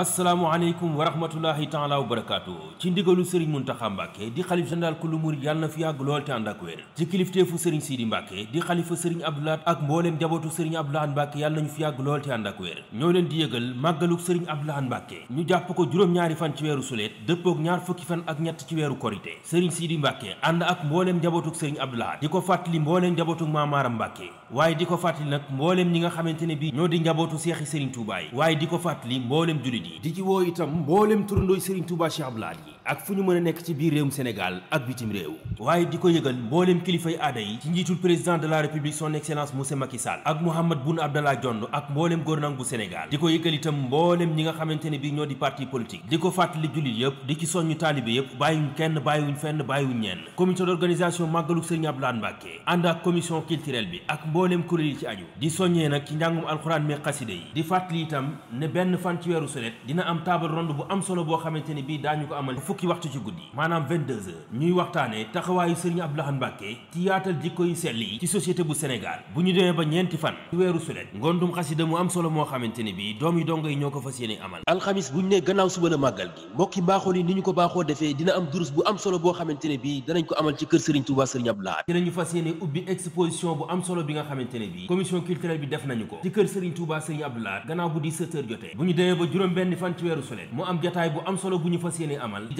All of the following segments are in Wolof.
asalaamaaleykum wa rahmatullahi taala wa barakaatu ci ndigalu sëriñ Muntaxa Mbàkke di xalif général ku lu murid na fi yàgg lool te ànd ak wér ci kilifteefu sëriñ Sidi Mbàkke di xalifa sëriñ Abdoulaat ak mbooleem jabootu sëriñ Abdoulaat Mbàkke yàlla nañu fi yàgg lool te ànd ak wér ñoo leen di yëgal màggaluk sëriñ Abdoulaat Mbàkke ñu jàpp ko juróom-ñaari fan ci weeru suleet dëppook ñaar fukki fan ak ñett ci weeru korite sëriñ Sidi Mbàkke ànd ak mbooleem jabootuk sëriñ Abdoulaat di ko fàttali mbooleem jabootuk Maamaaram Mbàkke waaye di ko fàttali nag mbooleem ñi nga xamante ne bi ñoo di njabootu seexi sëriñ Tuubaa yi waaye di ko fàttali mbooleem julit yi di ci woo itam mboolem turandooy Serigne Touba Cheikh Abdoul ak fu ñu mën a nekk ci biir réewum Sénégal ak bitim réew waaye di ko yëgal mbooleem kilifay aada yi ci njiitul président de la république son excellence monsieur Macky Sall ak Mouhamed Boun Abdallah Dionne ak mbooleem gouvernement bu Sénégal di ko yëgal itam mbooleem ñi nga xamante ne bii ñoo di parti politique di ko fàttali jullit yëpp di ci soññu taalibe yëpp bàyyiwuñ kenn bàyyiwuñ fenn bàyyiwuñ ñenn comité d'organisation màggaluk Serigne Abdou Lahad Mbacké ànd ak commission bi ak mbooleem kuréel yi ci aju di soññee nag ci njàngum alxuraan mi xaside yi di fàttali itam am table ronde solo boo xamante ne bii daañu ko fukki waxtu ci guddi maanaam 22 heures ñuy waxtaane taxawaayu sëriñ Abdou Lahad Mbacke ci yaatal jikko alxamis bu ñu ne gannaaw suba la màggal gi mbokki mbaaxool yi ni ñu ko baaxoo defee dina am durus bu am solo boo xamante bi danañ ko amal ci kër sëriñ Touba sëriñ Abdou Lahad gannaaw bu 17 jotee bu ñu demee ba juróom benn fan ci weeru sulet mu am jataay bu am solo bu ñu fas yéene amal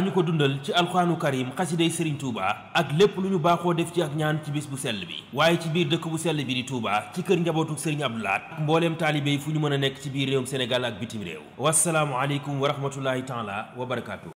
ñu ko dundal ci alxuraanu karim xasiday sëriñ Touba ak lépp lu ñu baaxoo def ci ak ñaan ci bis bu sell bi waaye ci biir dëkk bu sell bi di Touba ci kër njabootu sëriñ Abdou Lahad ak mbooleem taalibe fu ñu mën a nekk ci biir réewum Sénégal ak bitim réew wasalaamu aleykum wa rahmatullahi taala wa